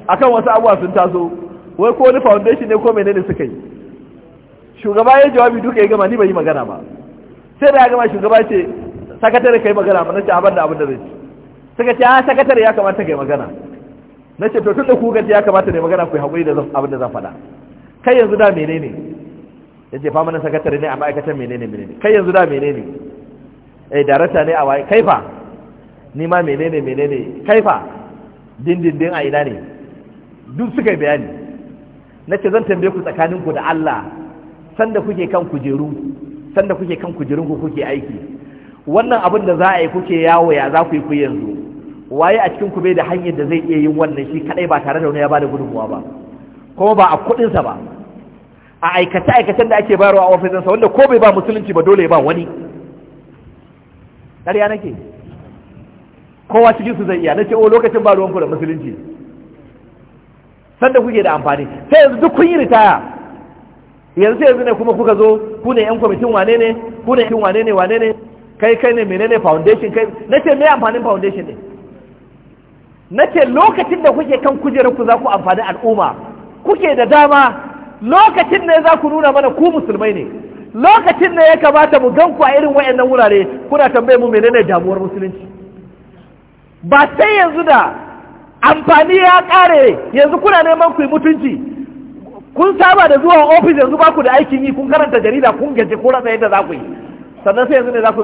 akan wasu abuwa sun taso wai ko wani foundation ne ko menene suka yi shugaba ya jawabi duka ya gama ni bai yi magana ba sai da ya gama shugaba ce sakatare kai magana ba nace abin da abin da zai ci suka ce a sakatare ya kamata kai magana nace to tunda ku gaji ya kamata ne magana ku hakuri da abin da zan faɗa kai yanzu da menene yace fa mana sakatare ne a ma'aikatan menene menene kai yanzu da menene eh darasa ne a wai kai fa ni ma menene menene kai fa dindindin a ina ne duk suka yi bayani na ce zan tambaye ku tsakaninku da Allah sanda kuke kan kujeru sanda kuke kan kujerun ku kuke aiki wannan abin da za a yi kuke yawo ya za ku yi ku yanzu waye a cikin ku bai da hanyar da zai iya yin wannan shi kadai ba tare da wani ya bada gudunmuwa ba kuma ba a kudin sa ba a aikace aikacen da ake bayarwa a ofisin sa wanda ko bai ba musulunci ba dole ba wani ƙarya nake kowa cikin su zai iya nace o oh, lokacin ba ruwan ku da musulunci sanda kuke da amfani sai yanzu duk kun yi ritaya yanzu sai yanzu ne kuma kuka zo ku ne yan kwamitin wane ne ku ne yan wane ne wane ne kai kai ne menene foundation kai na ce me amfanin foundation ne na ce lokacin da kuke kan kujerar ku za ku amfani al'umma kuke da dama lokacin ne za ku nuna mana ku musulmai ne lokacin ne ya kamata mu gan ku a irin wayannan wurare kuna tambaye mu menene damuwar musulunci ba sai yanzu da amfani ya kare yanzu kuna neman ku yi mutunci kun saba da zuwa ofis yanzu ba ku da aikin yi kun karanta jarida kun gaje ko rasa yadda za ku yi sannan sai yanzu ne za ku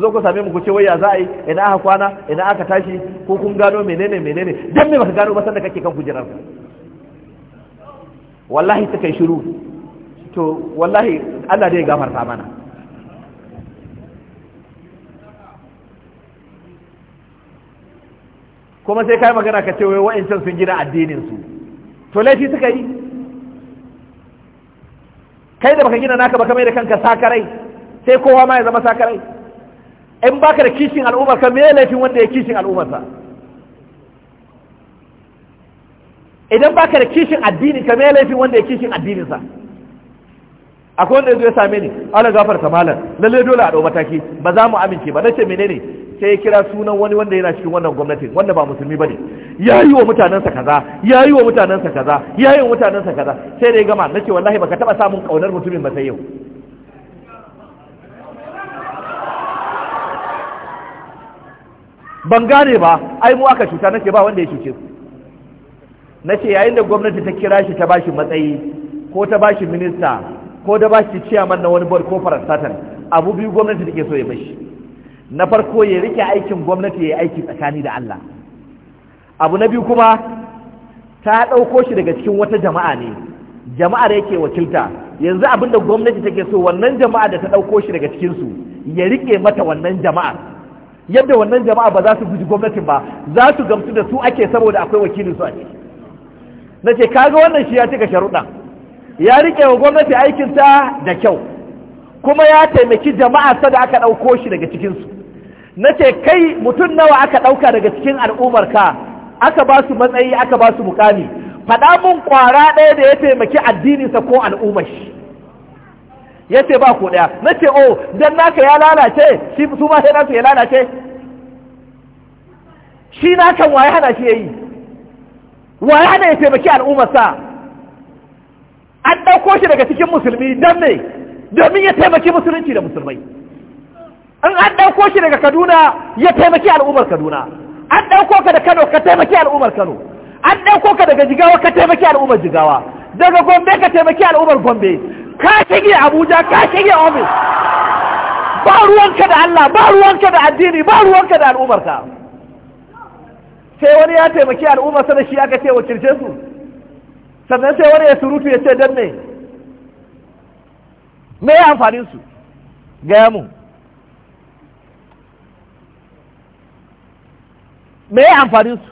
zo ku same mu ku ce waya za a yi ina aka kwana ina aka tashi ko kun gano menene menene dan me ka gano ba sanda kake kan kujerar ka wallahi suka shiru to wallahi Allah dai ya gafarta mana kuma sai kai magana ka ce wai wa'ancan sun gina addinin su to laifi suka yi kai da baka gina naka baka mai da kanka sakarai sai kowa ma ya zama sakarai in baka da kishin al'ummar ka me laifin wanda ya kishin sa idan baka da kishin addini ka me laifin wanda ya kishin addininsa akwai wanda ya zo ya same ni ala gafarta malam lalle dole a ɗau mataki ba za mu amince ba nace menene sai ya kira sunan wani wanda yana cikin wannan gwamnatin wanda ba musulmi bane ya yi wa mutanensa kaza ya yi wa mutanensa kaza ya yi wa mutanensa kaza sai da ya gama nake wallahi baka taba samun kaunar mutumin ba sai yau ban gane ba ai mu aka cuta nake ba wanda ya cuce ku nace yayin da gwamnati ta kira shi ta bashi matsayi ko ta bashi minista ko da bashi ciyaman na wani board ko farastatan abu biyu gwamnati take so ya bashi na farko ya rike aikin gwamnati ya yi aiki tsakani da Allah abu na biyu kuma ta ɗauko shi daga cikin wata jama'a ne jama'a da yake wakilta yanzu abin da gwamnati take so wannan jama'a da ta ɗauko shi daga cikinsu ya rike mata wannan jama'a. yadda wannan jama'a ba za su guji gwamnatin ba za su gamsu da su ake saboda akwai wakilin su a ciki na ce kaga wannan shi ya cika sharuɗa ya rike wa gwamnati aikinta da kyau kuma ya taimaki jama'a sa da aka ɗauko shi daga cikinsu Nace kai mutum nawa aka ɗauka daga cikin al'ummarka aka ba su matsayi aka ba su mukami faɗa mun ƙwara ɗaya da ya taimaki addininsa ko al'ummar shi ya ce ba ku ɗaya na ce o oh, dan naka ya lalace shi su ma sai nasu ya lalace shi nakan waye hana shi yayi waye hana ya taimaki al'ummarsa an ɗauko shi daga cikin musulmi don me domin ya taimaki musulunci da musulmai in an ɗauko shi daga kaduna ya taimaki al'ummar kaduna an ɗauko ka da kano ka taimaki al'ummar kano an ɗauko ka daga jigawa ka taimaki al'ummar jigawa daga gombe ka taimaki al'ummar gombe ka shige abuja ka shige ofis ba ruwanka da allah ba ruwanka da addini ba ruwanka da al'ummarka sai wani ya taimaki sa da shi aka ce wakilce su sannan sai wani ya surutu ya ce danne me me ya amfanin su gaya mu me ya amfani su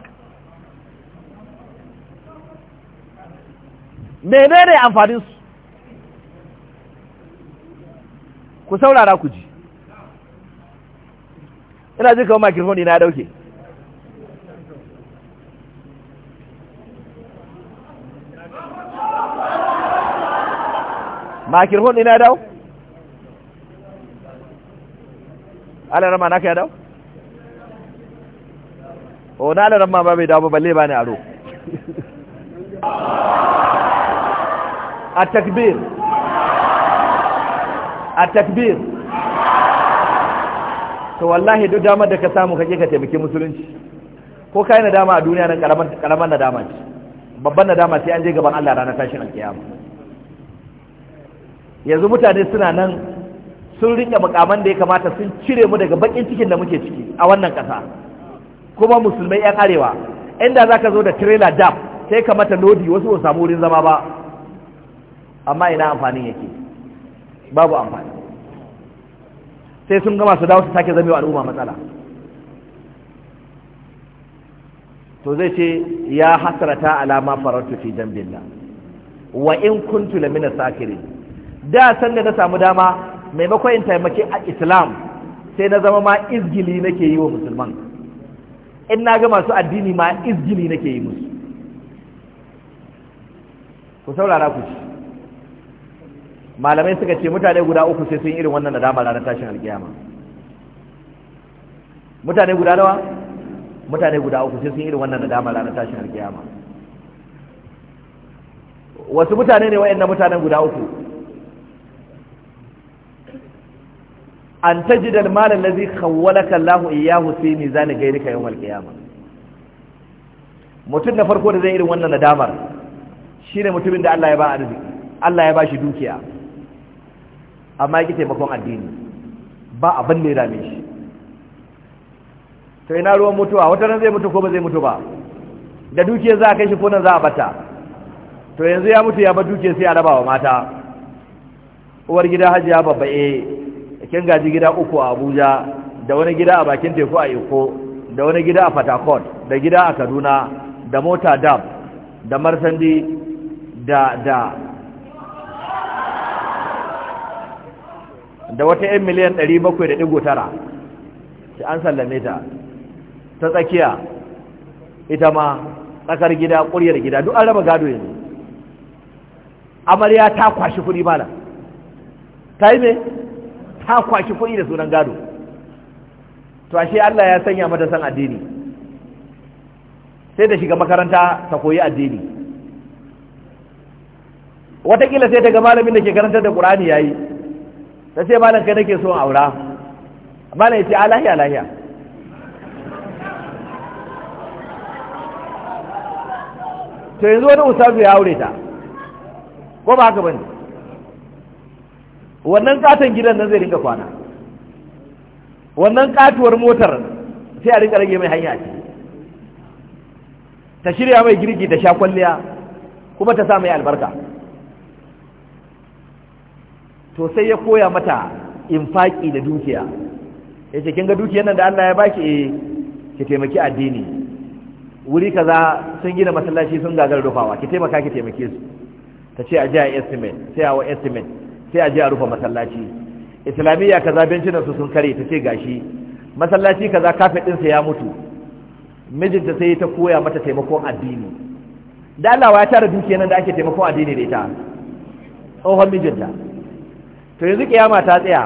ne amfani su ku saurara ku ji ina ji kawo makirfoni na dauke makirfoni na dau ala rama na ka ya dau o na da ramma ba bai dawo balle ba ne aro a takbir a takbir to wallahi duk damar da ka samu kake ka taimake musulunci ko kai na dama a duniya nan karaman na dama ce babban dama sai an je gaban Allah ranar tashin alkiyama yanzu mutane suna nan sun rike makaman da ya kamata sun cire mu daga bakin cikin da muke ciki a wannan ƙasa kuma musulmai yan arewa inda za ka zo da trailer jam sai ka mata lodi wasu ba samu wurin zama ba amma ina amfanin yake babu amfani sai sun gama su dawo su sake zamewa al'umma matsala to zai ce ya hasarata alama farautu fi jambillah wa in kuntu mina sakirin da san da na samu dama maimakon in taimaki a islam sai na zama ma izgili nake yi wa musulman in na ga masu addini ma izgili nake yi musu ku saurara ku ci malamai suka ce mutane guda uku sai sun irin wannan nadama ranar tashin alkiyama mutane guda nawa mutane guda uku sai sun irin wannan nadama ranar tashin alkiyama wasu mutane ne na mutanen guda uku an tajida al-mal allazi khawwalaka Allah iyyahu fi mizan ghayrika yawm al-qiyamah mutum na farko da zai irin wannan nadamar ne mutumin da Allah ya ba arziki Allah ya ba shi dukiya amma yake taimakon addini ba abin da ya dame shi to ina ruwan mutuwa wata ran zai mutu ko ba zai mutu ba da dukiyar za a kai shi ko nan za a bata to yanzu ya mutu ya bar dukiyar sai a raba wa mata uwar gida hajiya babba eh kin gaji gida uku a abuja da wani gida a bakin teku a iko da wani gida a fatakot da gida a kaduna da mota dab da marsandi da da da wata 'yan miliyan 700,000 ta an sallame ta ta tsakiya ita ma tsakar gida ƙuryar gida duk an raba gado yanzu amarya ta kwashi kudi malam ta yi mai ta kwashi kuɗi da sunan gado to ashe Allah ya sanya mata san addini sai ta shiga makaranta ta koyi addini watakila sai ta ga malamin da ke karantar da ƙur'ani yayi ta ce malam kai nake son aura malam ya ce alahiya to yanzu wani usabu ya aure ta ko ba haka bane wannan katon gidan nan zai rinka kwana wannan katuwar motar sai a rinka rage mai hanya ce ta shirya mai girki ta sha kwalliya kuma ta sa mai albarka to sai ya koya mata infaki da dukiya ya ce kinga dukiyar nan da Allah ya baki eh ki taimaki addini wuri kaza sun gina masallaci sun gagar rufawa ki taimaka ki taimake su ta ce a ji a estimate sai a wa estimate sai a je a rufe masallaci islamiyya kaza bencinan su sun kare ta ce gashi masallaci kaza kafet ɗinsa ya mutu mijinta sai ta koya mata taimakon addini da Allah ya tara dukiya nan da ake taimakon addini da ita tsohon mijinta to yanzu kiyama ta tsaya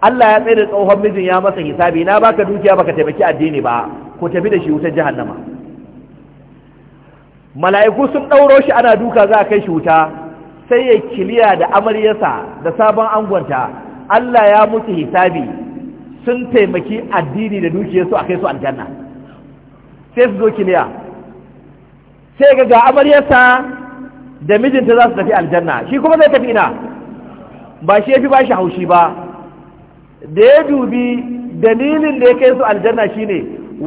Allah ya tsaye da tsohon mijin ya masa hisabi na baka dukiya baka taimaki addini ba ko tafi da shi wutar jahannama mala'iku sun ɗauro shi ana duka za a kai shi wuta sai ya kiliya da amaryarsa da sabon angonta Allah ya mutu hisabi sun taimaki addini da dukiyarsu a kai su aljanna sai su zo kiliya sai ga ga amaryarsa da mijinta za su tafi aljanna shi kuma zai tafi ina ba shi ya fi ba shi haushi ba da ya dubi dalilin da ya kai su aljanna shine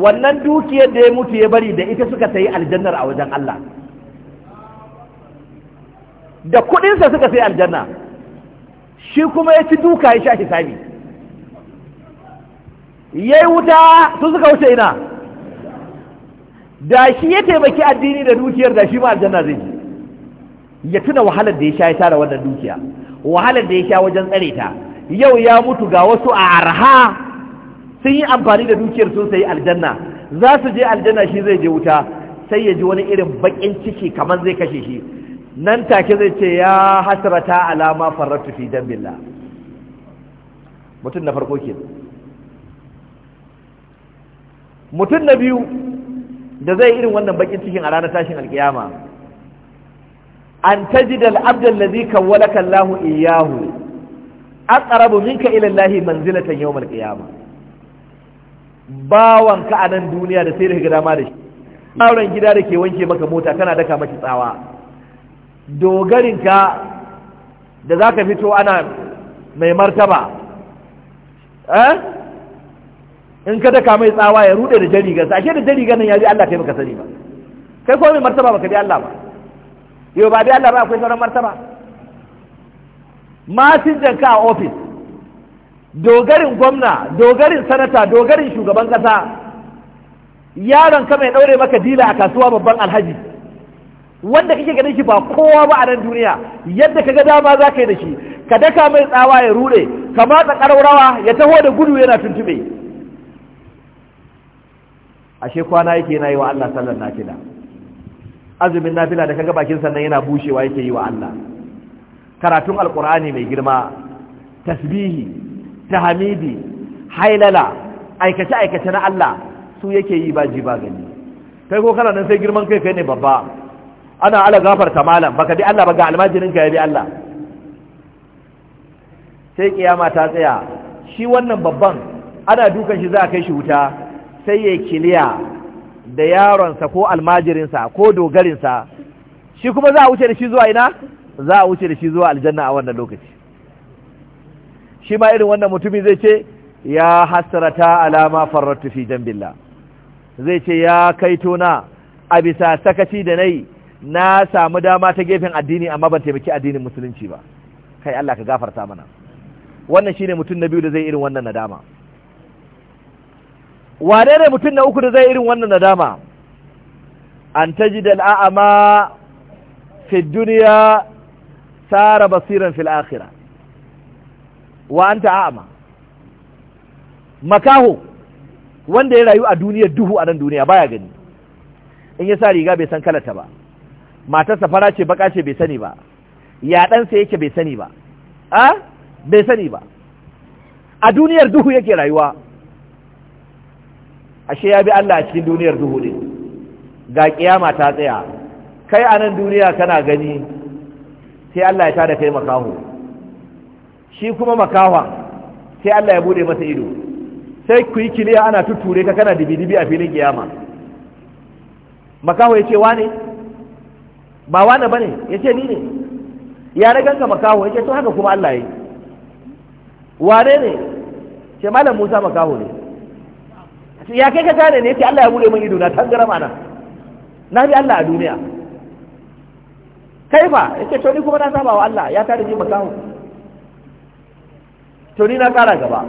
wannan dukiyar da ya mutu ya bari da ita suka sayi aljannar a wajen Allah da kuɗinsa suka sai aljanna shi kuma ya ci duka ya sha hisabi ya yi wuta su suka wuce ina da shi ya taimaki addini da dukiyar da shi ma aljanna zai ya tuna wahalar da ya sha ya tara wannan dukiya wahalar da ya sha wajen tsare ta yau ya mutu ga wasu a arha sun yi amfani da dukiyar sun sayi aljanna za su je aljanna shi zai je wuta sai ya ji wani irin baƙin ciki kamar zai kashe shi nan take zai ce ya hasrata alama farratu fi dambillah mutum na farko ke mutum na biyu da zai irin wannan bakin cikin a ranar tashin alkiyama an tajid al-abd allazi kawwalaka Allahu iyyahu aqrabu minka ila Allahi manzilatan yawm al-qiyama bawanka a nan duniya da sai da dama da shi auren gida da ke wanke maka mota kana daka maki tsawa dogarinka da za ka fito ana mai martaba eh in ka daka mai tsawa ya rude da jarigarsa Ake da jarigar nan ya bi Allah taimaka baka sani ba kai ko mai martaba baka bi Allah ba yau ba bi Allah ba akwai sauran martaba masinjan ka a ofis dogarin gwamna dogarin sanata dogarin shugaban kasa yaron ka mai daure maka dila a kasuwa babban alhaji wanda kake ganin shi ba kowa ba a nan duniya yadda kaga dama za ka yi da shi ka daka mai tsawa ya rure ka matsa karaurawa ya taho da gudu yana tuntube ashe kwana yake yana yi wa Allah sallar nafila azumin nafila da kaga bakin sannan yana bushewa yake yi wa Allah karatun alkur'ani mai girma tasbihi tahmidi hailala aikace aikace na Allah su yake yi ba ji ba gani kai ko kana nan sai girman kai kai ne babba ana ala gafarta malam baka bi Allah ba almajirin ka ya bi Allah sai kiyama ta tsaya shi wannan babban ana dukan shi za a kai shi wuta sai ya kiliya da yaronsa ko almajirinsa ko dogarinsa shi kuma za a wuce da shi zuwa ina za a wuce da shi zuwa aljanna a wannan lokaci shi ma irin wannan mutumi zai ce ya hasrata alama farrattu fi jambillah zai ce ya kaito na a bisa sakaci da nayi na samu dama ta gefen addini amma ban taimaki addinin musulunci ba kai Allah ka gafarta mana wannan shine mutum na biyu da zai irin wannan nadama wane ne mutum na uku da zai irin wannan nadama an tajid al'ama fi duniya sara basiran fil akhirah wa anta a'ma makaho wanda ya rayu a duniyar duhu a nan duniya baya gani in ya sa riga bai san kalata ba matarsa fara ce baka ce bai sani ba ya ɗansa yake bai sani ba a bai sani ba a duniyar duhu yake rayuwa ashe ya bi Allah a cikin duniyar duhu ne ga kiyama ta tsaya kai a nan duniya kana gani sai Allah ya tada kai makaho shi kuma makawa sai Allah ya bude masa ido sai ku yi kiliya ana tutture ka kana dibi-dibi a filin kiyama makaho ya ce wane ba wani Ya ce ni ne ya ragan ka makaho ce to haka kuma Allah yi wane ne ce malam Musa makaho ne ya kai ka gane ne ce Allah ya bude min ido na tangara mana. na bi Allah a duniya kai fa ce to ni kuma na saba wa Allah ya tare ji makaho to ni na kara gaba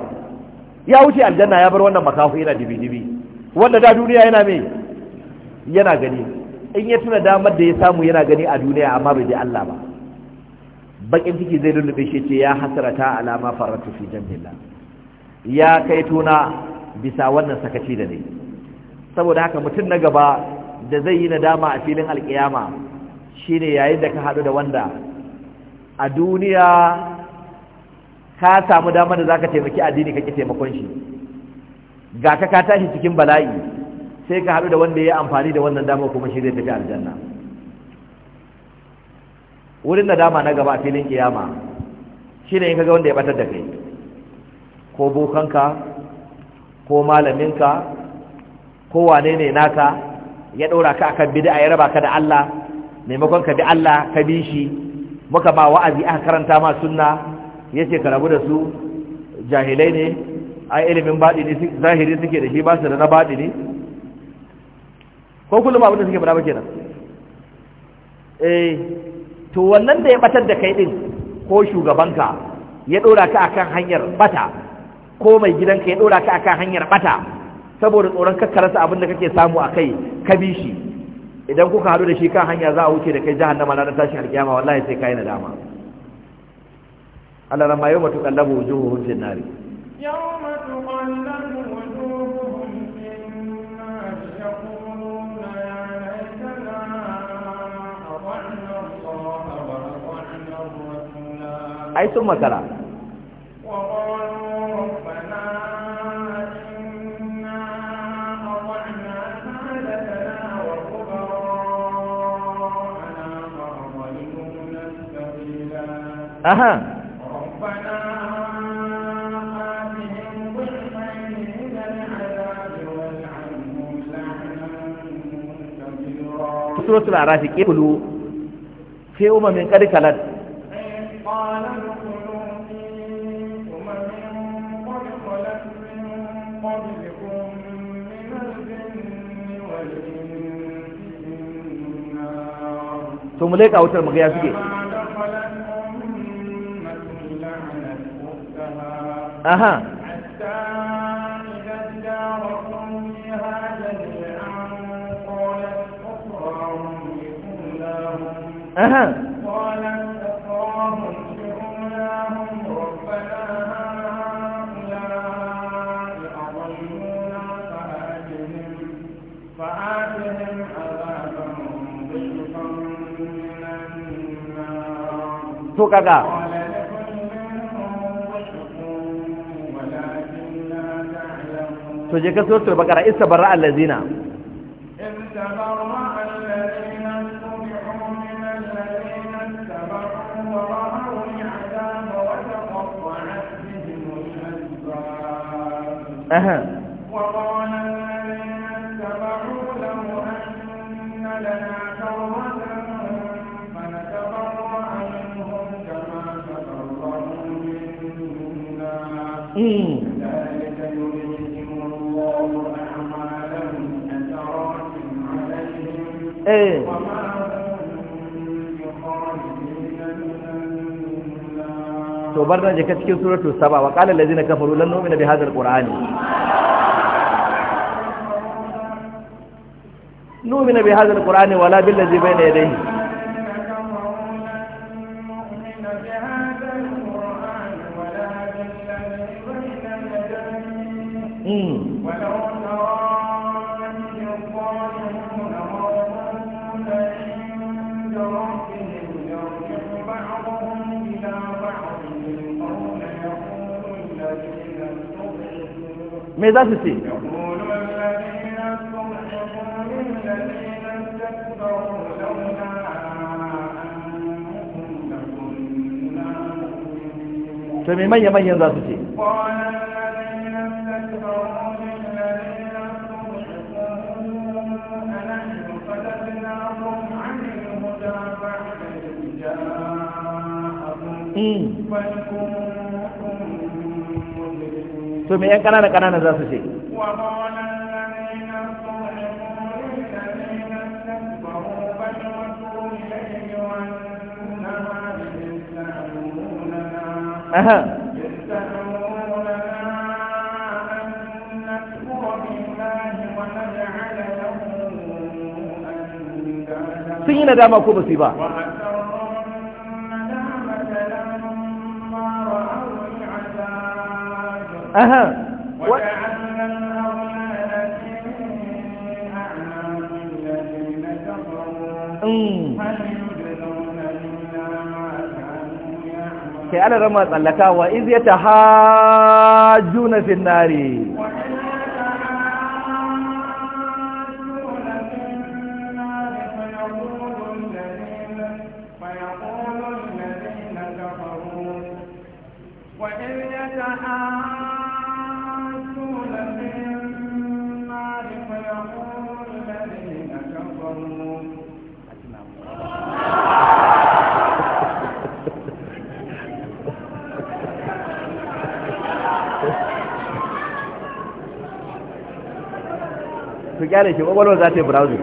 ya wuce aljanna ya bar wannan makaho yana dibi dibi wanda da duniya yana me yana gani in ya tuna damar da ya samu yana gani a duniya amma bai ji Allah ba bakin ciki zai lullube shi ce ya hasarata alama faratu fi jannatillah ya kai tuna bisa wannan sakaci da ne saboda haka mutum na gaba da zai yi nadama a filin alkiyama shine yayin da ka haɗu da wanda a duniya ka samu damar da zaka taimaki addini kake taimakon shi ga ka ka tashi cikin bala'i sai ka haɗu da wanda ya amfani da wannan dama kuma shi zai tafi aljanna wurin da dama na gaba filin kiyama shine in ga wanda ya batar da kai ko bokanka ko malaminka ko wane ne naka ya ɗora ka akan bid'a ya raba ka da Allah maimakon ka bi Allah ka bi shi muka ba wa'azi aka karanta ma sunna ce ka rabu da su jahilai ne a ilimin baɗi ne zahiri suke da shi ba su da na baɗi ne ko kullum abin da suke fara ba kenan eh to wannan da ya batar da kai din ko shugabanka ya dora ka akan hanyar bata ko mai gidanka ya dora ka akan hanyar bata saboda tsoron kakkarasa abin da kake samu a kai ka bi shi idan kuka hadu da shi kan hanya za a wuce da kai jahannama na tashi alkiyama wallahi sai kai nadama Allah rama yau matuƙallabu wujuhu hujjin nari yau ai sun makara aha suratul arafi qulu kulu umamin qad kalat to mu leƙa wutar mu ga suke aha aha to kaga to je ka suratul baqara isa bara allazina uh barna jika cikin suratu saba wa qala na kafaru lan nu'mina bi Kur'ani. alqur'ani nu'mina bi hadha alqur'ani wala bai na yadda yi me za su ce to me manya-manyan za su ce Mm. to me yan kanana kanana za su ce Aha. sun yi nadama ko ba su yi ba أها و... kai ana rama tsallaka wa iz yatahajjuna fin kyale shi kwakwalwa za ta yi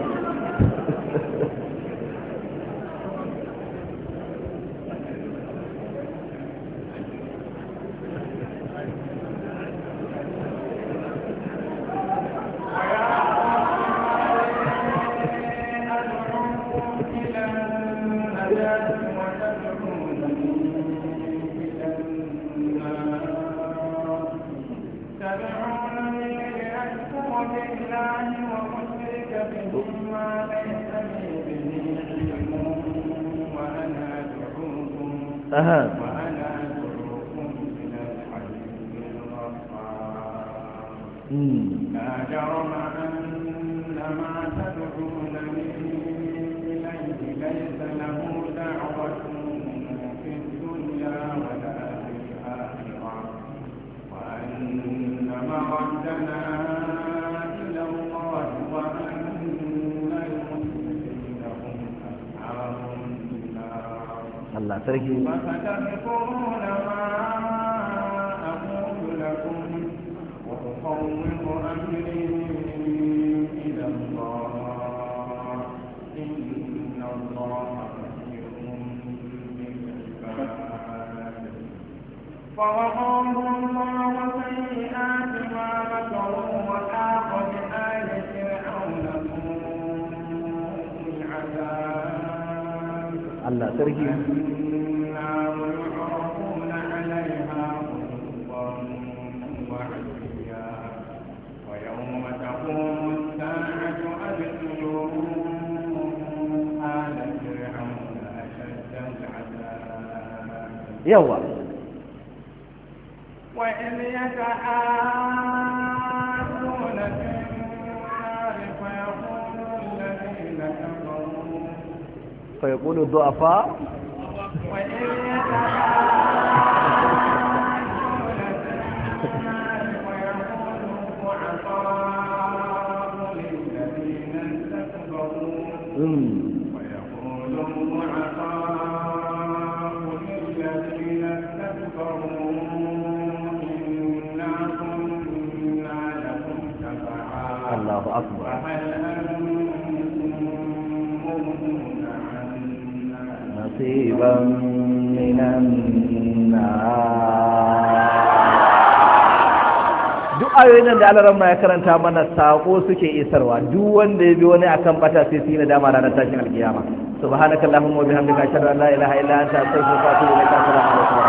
فقدنا إلى الله وأن المسلمين هم أصحاب النار الله تركي فستذكرون ما أقول لكم وأفوض أمري فوقاهم الله سيئات ما مكروا وحاق بآل فرعون العذاب الله عليها ويوم تقوم الساعة آل فرعون أشد العذاب فيقول الضعفاء ayoyin nan da alaran ya karanta mana sako suke isarwa duk wanda ya bi wani akan bata sai su yi nadama ranar tashin alkiyama subhanakallahumma wa bihamdika ashhadu an la ilaha illa anta astaghfiruka wa atubu ilaik assalamu alaikum